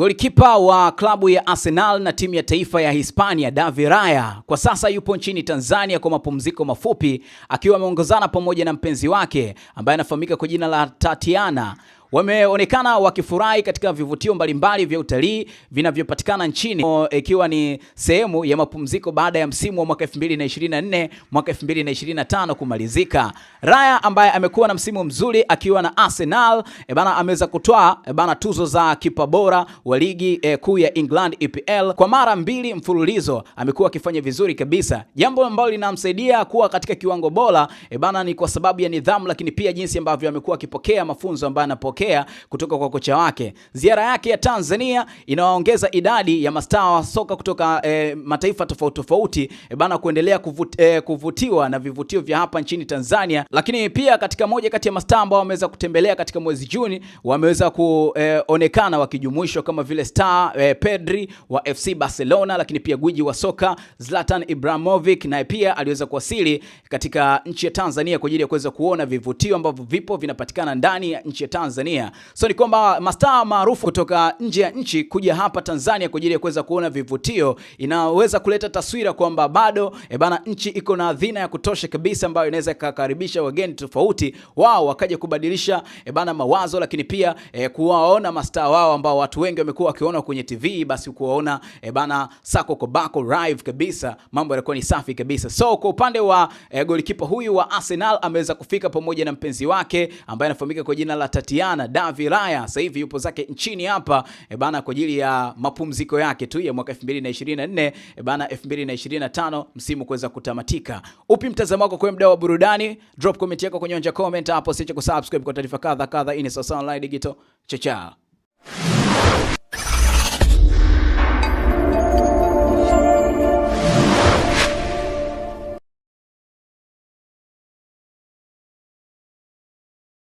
Golikipa wa klabu ya Arsenal na timu ya taifa ya Hispania David Raya kwa sasa yupo nchini Tanzania kwa mapumziko mafupi akiwa ameongozana pamoja na mpenzi wake ambaye anafahamika kwa jina la Tatiana wameonekana wakifurahi katika vivutio mbalimbali vya utalii vinavyopatikana nchini, ikiwa ni sehemu ya mapumziko baada ya msimu wa mwaka 2024 mwaka 2025 kumalizika. Raya ambaye amekuwa na msimu mzuri akiwa na Arsenal e bana, ameweza kutoa e eh, bana tuzo za kipa bora wa ligi e, kuu ya England EPL kwa mara mbili mfululizo. Amekuwa akifanya vizuri kabisa, jambo ambalo linamsaidia kuwa katika kiwango bora e bana, ni kwa sababu ya nidhamu, lakini pia jinsi ambavyo amekuwa akipokea mafunzo ambayo anapokea kupokea kutoka kwa kocha wake. Ziara yake ya Tanzania inawaongeza idadi ya mastaa wa soka kutoka e, mataifa tofauti tofauti e, bana kuendelea kuvut, e, kuvutiwa na vivutio vya hapa nchini Tanzania, lakini pia katika moja kati ya mastaa ambao wameweza kutembelea katika mwezi Juni wameweza kuonekana e, wakijumuishwa kama vile star e, Pedri wa FC Barcelona, lakini pia gwiji wa soka Zlatan Ibrahimovic naye pia aliweza kuwasili katika nchi ya Tanzania kwa ajili ya kuweza kuona vivutio ambavyo vipo vinapatikana ndani ya nchi ya Tanzania. Tanzania. So ni kwamba mastaa maarufu kutoka nje ya nchi kuja hapa Tanzania kwa ajili ya kuweza kuona vivutio, inaweza kuleta taswira kwamba bado e bana, nchi iko na dhina ya kutosha kabisa ambayo inaweza ikakaribisha wageni tofauti, wao wakaja kubadilisha e bana mawazo, lakini pia e, kuwaona mastaa wao ambao watu wengi wamekuwa wakiona kwenye TV, basi kuwaona e bana sako kwa bako live kabisa, mambo yalikuwa ni safi kabisa. So kwa upande wa e, golikipa huyu wa Arsenal ameweza kufika pamoja na mpenzi wake ambaye anafahamika kwa jina la Tatiana bana Davi Raya sasa hivi yupo zake nchini hapa e bana kwa ajili ya mapumziko yake tu ya mwaka 2024 e eh, bana 2025 msimu kuweza kutamatika. Upi mtazamo wako kwa mdau wa burudani? Drop comment yako kwenye onja comment hapo, siache kusubscribe kwa taarifa kadha kadha. Ini sasa online digital chacha